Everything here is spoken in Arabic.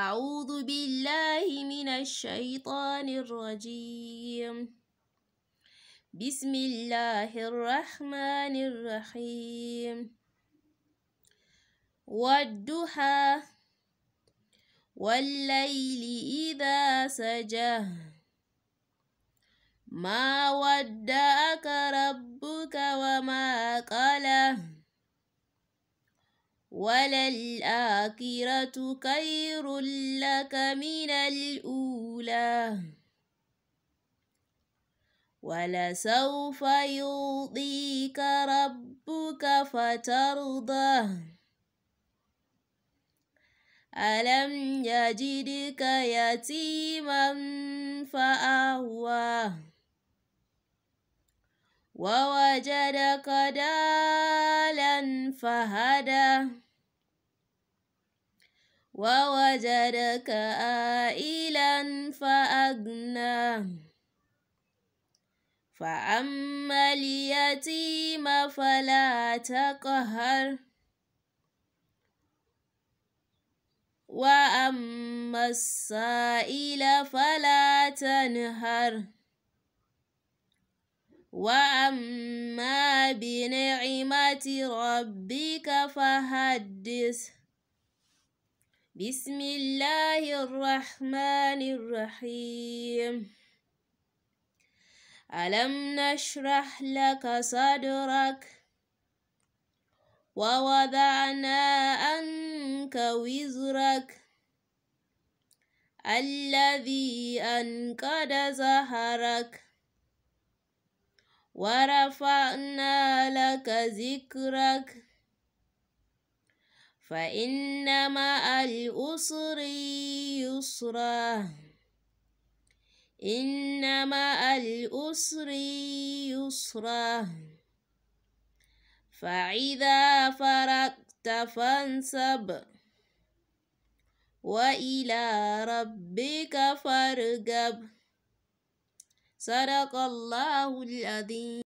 أعوذ بالله من الشيطان الرجيم بسم الله الرحمن الرحيم والدحى والليل إذا سجى ما ودعك ربك وما قال وللآخرة خير لك من الأولى ولسوف يعطيك ربك فترضى ألم يجدك يتيما فأهوى ووجدك دالا فهدى ووجدك عائلا فأغناه فأما اليتيم فلا تقهر وأما السائل فلا تنهر وأما بنعمة ربك فحدث بسم الله الرحمن الرحيم ألم نشرح لك صدرك ووضعنا عنك وزرك الذي أنقض زهرك ورفعنا لك ذكرك فإنما الأسر يسرا إنما الأسر يسرا فإذا فرغت فانسب وإلى ربك فارغب صدق الله العظيم